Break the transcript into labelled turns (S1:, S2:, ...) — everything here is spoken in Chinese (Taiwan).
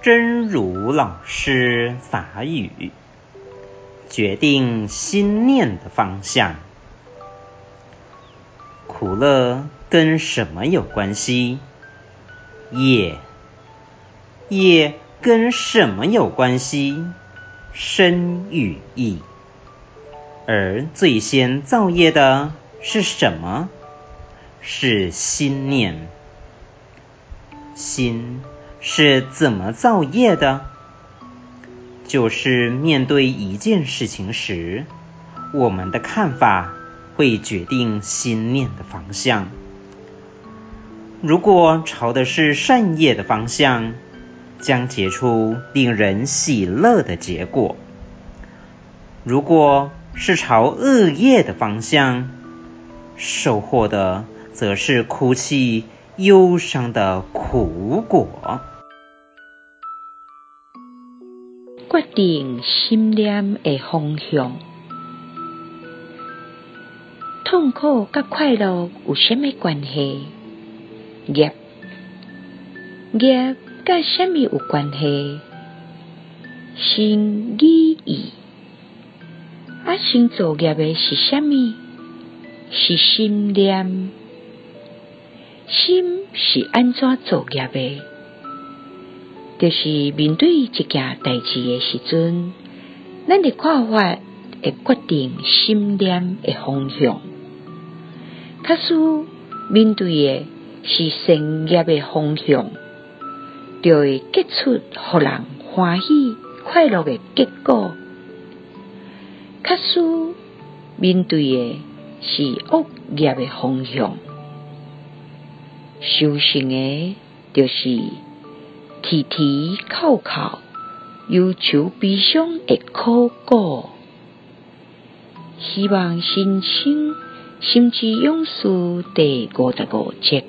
S1: 真如老師法語，決定心念的方向，苦樂跟什麼有關係？業。業跟什麼有關係？身語意，而最先造業的是什麼？是心念，心。是怎麼造業的？就是面對一件事情時，我們的看法會決定心念的方向。如果朝的是善業的方向，將結出令人喜樂的結果；如果是朝惡業的方向，收穫的則是哭泣、憂傷的苦果。
S2: 決定心念的方向，痛苦甲快樂有蝦米關係？業。業甲蝦米有關係？身語意，啊？心造業誒？是蝦米？是心念，心是安怎造業誒？就是面對一件代志的時陣，咱的看法會決定心念的方向。假使面對的是善業的方向，就會、是、結出讓人歡喜快樂的結果。假使面對的是惡業的方向，修行的就是。啼啼哭哭，憂愁悲傷的苦果，希望新生心之勇士第五十五集。